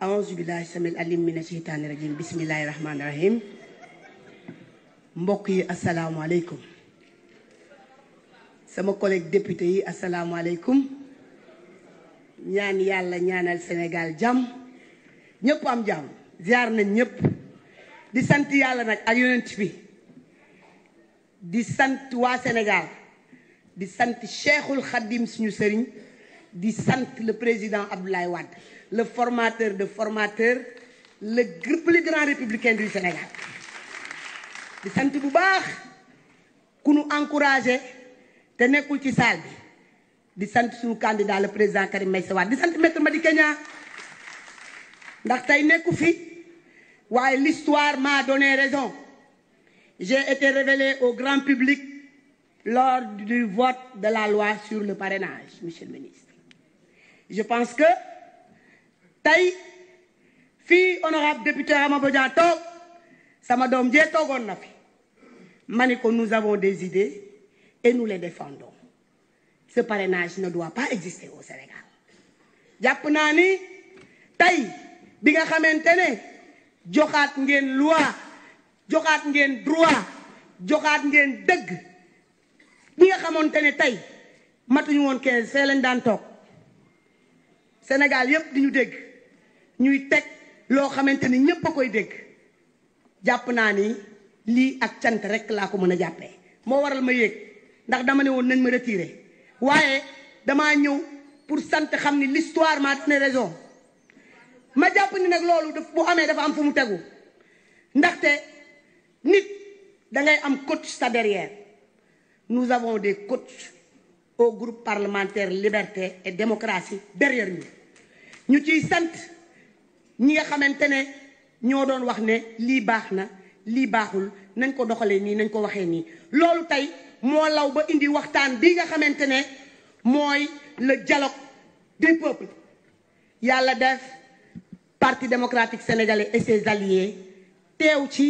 aouzu billahi samil alim mina sheytaani rajim bismillahi rahmaani rahim mbokk yi asalaamaaleykum sama collègue député yi asalaamaaleykum ñaan yàlla ñaanal Sénégal jàmm ñëpp am jàmm ziar nañ ñëpp di sant yàlla nag ak yonent bi di sant waa Sénégal di sant Cheikhul Khadim suñu sëriñ di sant le président Abdoulaye Wade le formateur de formateur le plus grand républicain du Sénégal di sant bu baax ku nu te nekkul ci salle bi di sant suñu candidat le président Karim Meïssa Wade di sant maître Madické Niang ndax tey nekku fi waaye l'histoire m'a donné raison j'ai été révélé au grand public lors du vote de la loi sur le parrainage monsieur le ministre je pense que tey fii honorable député Amadou Dia toog sama doom jee toogoon na fi ma ne ko nous avons des idées et nous les défendons ce parrainage ne doit pas exister au Sénégal jàpp naa ni tey bi nga xamante ne joxaat ngeen loi joxaat ngeen droit joxaat ngeen dëgg bi nga xamante ne tey matuñu woon 15 see lañ daan toog Sénégal yépp di ñu dégg ñuy teg loo xamante ni ñépp a koy dégg jàpp naa ni lii ak cant rek laa ko mën a jàppee moo waral ma yéeg ndax dama ne woon nañ ma retiré waaye damaa ñëw pour sant xam ni listoire m'a donné raison ma jàpp ni nag loolu daf bu amee dafa am fu mu tegu ndaxte nit dangay am coach sa derrière nous avons des côte au groupe parlementaire liberté et démocratie derrière ñu ñu ciy sant ñi nga xamante ne ñoo doon wax ne lii baax na lii baaxul nañ ko doxalee nii nañ ko waxee nii loolu tey moo law ba indi waxtaan bi nga xamante ne mooy le dialogue des peuples yàlla def parti démocratique sénégalais et ses alliés teew ci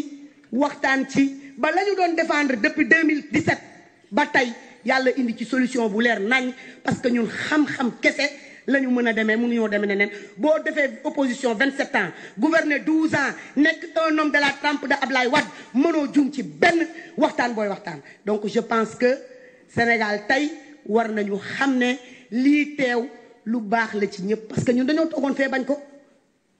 waxtaan ci ba la ñu doon défendre depuis 2017 ba tey yàlla indi ci solution bu leer nañ parce que ñun xam-xam kese la ñu mën a demee mënuñoo demee neneen boo defee opposition 27 ans gouverner 12 ans nekk un homme de la trempe de Ablaye Wade mënoo juum ci benn waxtaan booy waxtaan. donc je pense que Sénégal tey war na nañu xam ne lii teew lu baax la ci ñëpp parce que ñun dañoo toogoon fee bañ ko.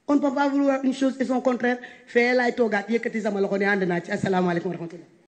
on ne peut pas vouloir une chose et son contraire fee laay toogaat yëkkati sama loxo ne ànd naa ci asalaamaaleykum wa rahmatullah